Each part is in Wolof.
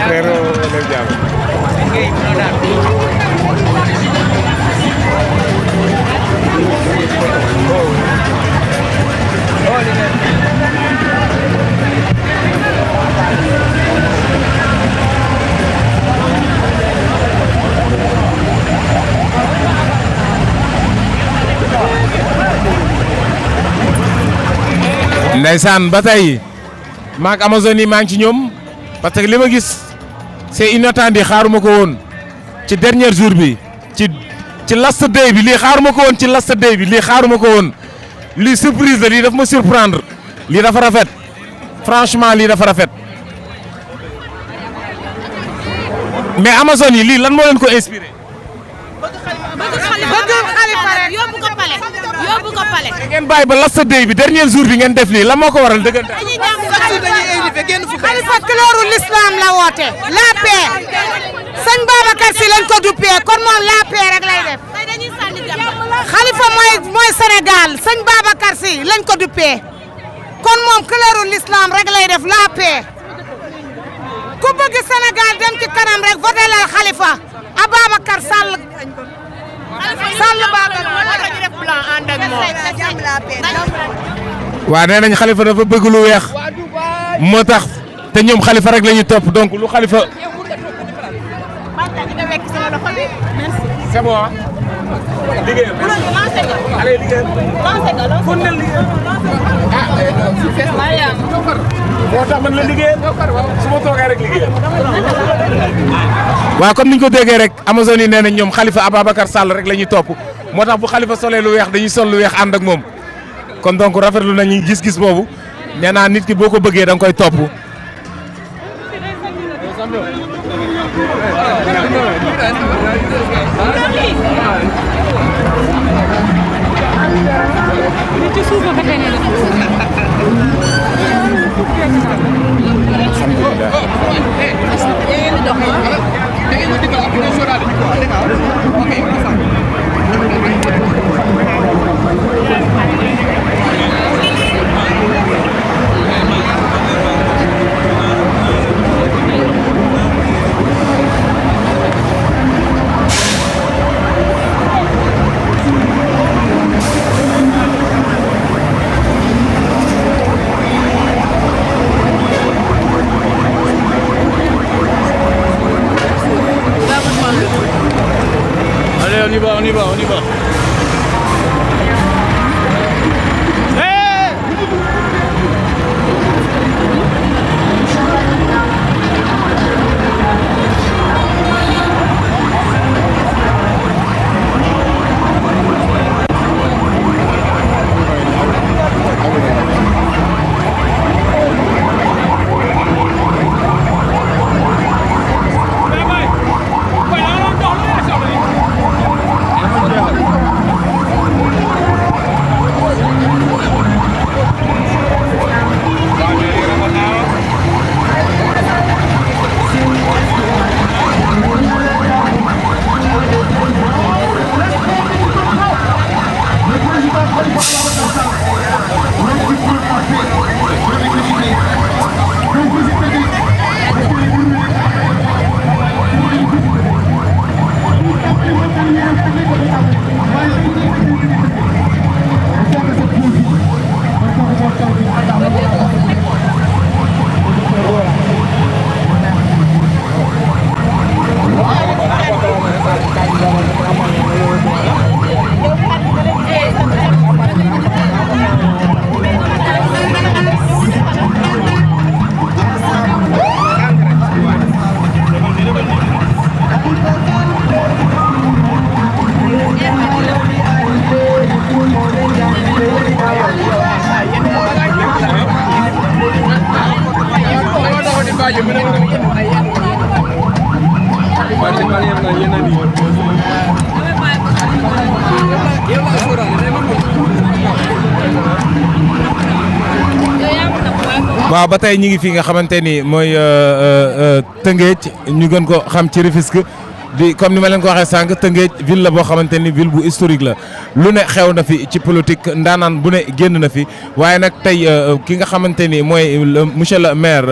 Ferro del ba tey maak Amazone yi maa ngi ci ñoom parce li ma gis c'est inattendu xaaruma ko woon ci dernier jour bi ci ci last day bi lii xaaruma ko woon ci laste day bi lii xaaruma ko woon li surprise la lii daf ma surprendre lii dafa rafet franchement lii dafa rafet mais Amazone yi lii lan moo leen ko inspiré. bëgg xalifa rek yóbbu ko pale. ngeen bàyyi ba last day bi dernier jour bi def lii lan moo ko waral dëggantaan. defee génn Khalifa couleur l'islam la woote la paix sëñ Babacar si ko duppee kon moom la rek lay def Khalifa mooy mooy Sénégal sëñ Babacar si ko duppee kon moom couleur l'islam rek lay def la paix bëgg Sénégal dem ci kanam rek voté lal Khalifa Ababacar Sall Sall Babacar waaw nee nañ Khalifa dafa bëgg lu weex moo tax te ñoom xalifa rek lañuy ñuy topp donc lu xalifa. c'est bon. waaw comme niñ ko déggee rek Amazone yi nee nañ ñoom xalifa Ababacar Sall rek la ñuy topp moo tax bu xalifa solee lu weex dañuy sol lu weex ànd ak moom kon donc rafetlu nañu gis-gis boobu. nee naa nit ki boo ko bëggee da koy topp. waaw ba tey ñi ngi fi nga xamante ni mooy euh, euh, euh, Tëngéej ñu gën ko xam ci Rufisque di comme ni ma leen ko waxee sànq Tëngéej ville la boo xamante ni ville bu historique la lu ne xew na fi ci politique ndaanaan bu ne génn na fi waaye nag tey ki nga xamante ni mooy monsieur le maire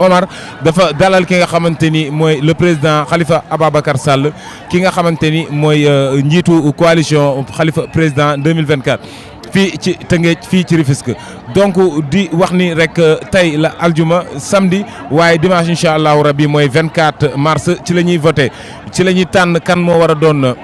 Omar dafa dalal ki nga xamante ni mooy le président xalifa Ababacar Sall ki nga xamante ni mooy njiitu coalition xalifa président 2024. fii ci Tëngéej fii ci Rufisque donc di wax ni rek euh, tey la aljuma samdi waaye dimanche incha allahu rabi mooy 24 mars ci la ñuy voté ci la ñuy tànn kan moo war a doon. Euh,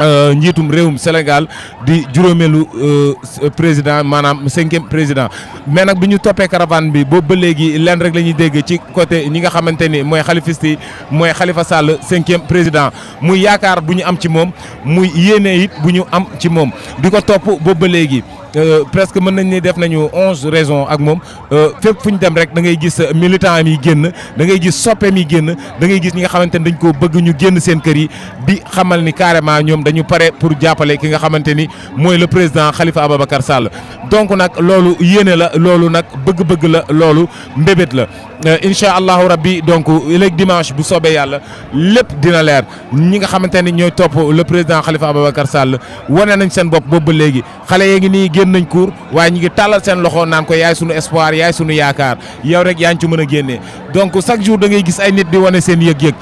Euh, njiitum réewum Sénégal di juróomeelu euh, président maanaam cinquième président mais nag bi ñu toppee caravane bi boobu ba léegi lenn rek la ñuy dégg ci côté ñi nga xamante ni mooy xalifiste yi mooy Khalifa Sall cinquième président muy yaakaar bu ñu am ci moom muy yéene it bu ñu am ci moom di ko topp boobu ba léegi. Euh, presque mën nañ ni def nañu onze raisons ak moom euh, fépp fu ñu dem rek dangay gis militant am yi génn da ngay gis soppeem yi génn da ngay gis ñi nga xamante ni dañ koo bëgg ñu génn seen kër yi di xamal ni carrément ñoom dañu pare pour jàppale ki nga xamante ni mooy le président xalifa Ababacar Sall donc nag loolu yéene la loolu nag bëgg-bëgg la loolu ndébét la Euh, incha allahu rabbi donc léegi dimanche bu soobee yàlla lépp dina leer ñi nga xamante ni ñooy topp le président xalifa Khalifa Ababacar Sall wone nañ seen bopp boobu ba léegi xale yee ngi nii génn nañ cour waaye ñi ngi tàllal seen loxo naan ko yaay sunu espoir yaay sunu yaakaar yow rek yaa ngi ci mën a génnee donc chaque jour da ngay gis ay nit di wane seen yëg-yëg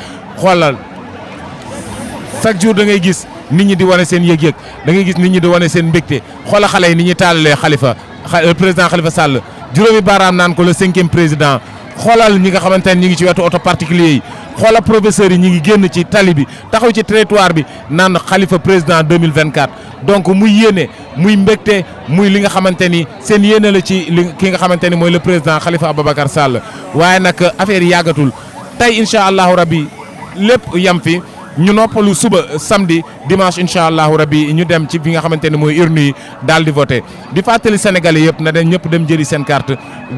jour da ngay gis nit ñi di wane seen yëg-yëg da ngay gis nit ñi di wane seen mbégte xoola xale yi ni ñuy tàllalee Khalifa euh, président Khalifa Sall président. xoolal ñi nga xamante ne ñi ngi ci wetu oto particulier yi xoolal professeurs yi ñi ngi génn ci tali bi taxaw ci territoire bi nan xalifa président 2024 donc muy yéene muy mbégte muy li nga xamante ni seen yéene la ci li ki nga xamante ni mooy le président xalifa Ababacar Sall waaye nag affaire yi yàggatul tey incha allahu rabbi lépp yam fi ñu noppalu suba samedi dimanche incha allahu rabi ñu dem ci bi nga xamante ne mooy urne yi daal di voté di fàttali sénégalais yëpp na dem ñëpp dem jëri seen carte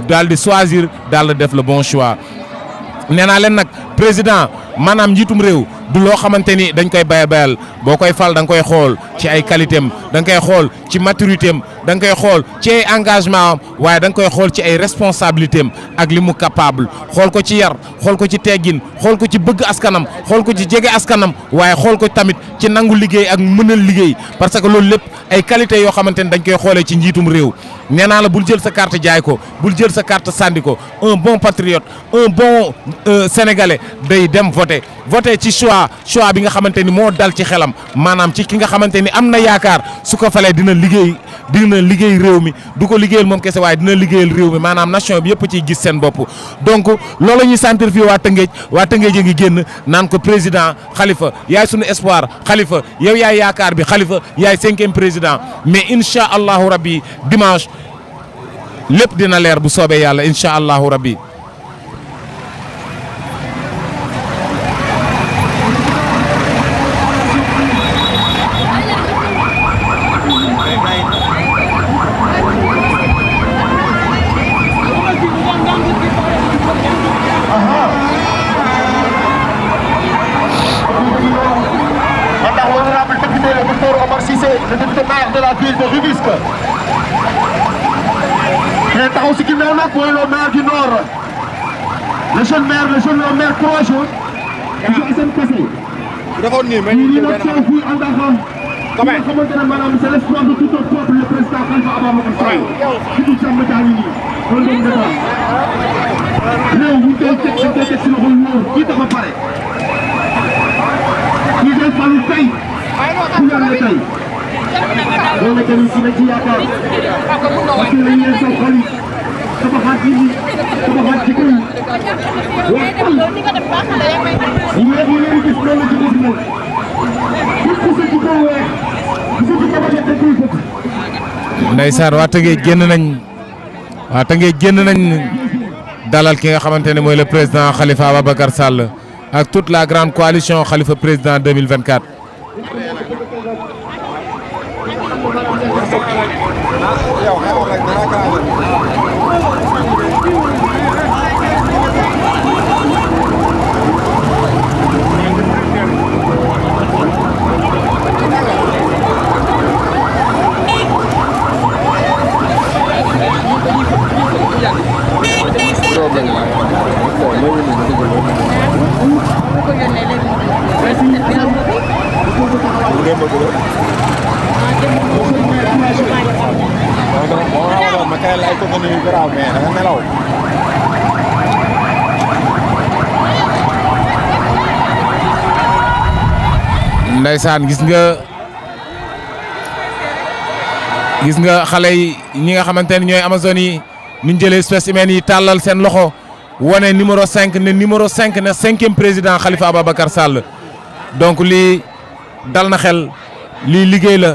daal di choisir daal def le bon choix nee naa leen nag président maanaam njiitum réew. du loo xamante ni dañ koy bay bayal boo koy fal da nga koy xool ci ay qualité am da koy xool ci maturité am da nga koy xool ci ay engagement waaye da nga koy xool ci ay responsabilité am ak li mu capable xool ko ci yar xool ko ci teggin xool ko ci bëgg askanam xool ko ci jege askanam waaye xool ko tamit ci nangu liggéey ak mënal liggéey parce que loolu lépp ay qualité yoo xamante ni dañ koy xoolee ci njiitum réew nee naa la bul jël sa carte jaay ko bul jël sa carte ko un bon patriote un bon euh, day dem voter voté ci choix choix bi nga xamante ni moo dal ci xelam maanaam ci ki nga xamante ni am na yaakaar su ko falee dina liggéey dina liggéey réew mi du ko liggéeyal moom kese waaye dina liggéeyal réew mi maanaam nation bi yëpp ciy gis seen bopp donc loolu ñuy sentir fii waa Tëngéej waa Tëngéej yi ngi génn naan ko président xalifa yaay sunu espoir Khalifa yow yaay yaakaar bi xalifa yaay cinquième président mais incha allahu rabbi dimanche lépp dina leer bu soobee yàlla incha allahu rabbi Monsieur Victor Omar Cissé le député maire de la ville de Rufisque te taxaw si ginnaaw nag mooy le maire du nord le jeune maire le jeune maire courageux monsieur Assane Kassé ñi nag teew fii en daxam ñi nga xamante ne maanaam c'est l'espoir de tout un peuple le président Khalifa Ababacar Sall ci du jàmm daani nii loolu doon débat réew ñu koy teg si teg si loxo wóor kii dafa pare kii day falu tey ku yàlla tey loolu tamit dina ci yaakaar parce que dañuy leen saw xol yi tabaxaat nit ñi tabaxaat jikko yi waaye xol yi mu def yéen gis loolu ci gis moom képp ku sa jikko weex ku sa jikko ba te kuy fëkk ndeysaan waa Tëngéej génn nañ waa Tëngéej génn nañ dalal ki ak toute la grande coalition Khalifa président garaaw mais da nga nelaw. gis nga gis nga xale yi ñi nga xamante ne ñooy amazone yi ñu jëlee spécimen yi tàllal seen loxo wane numéro 5 ne numéro 5 ne cinquième président Khalifa Ababacar Sall donc lii dal na xel lii liggéey la.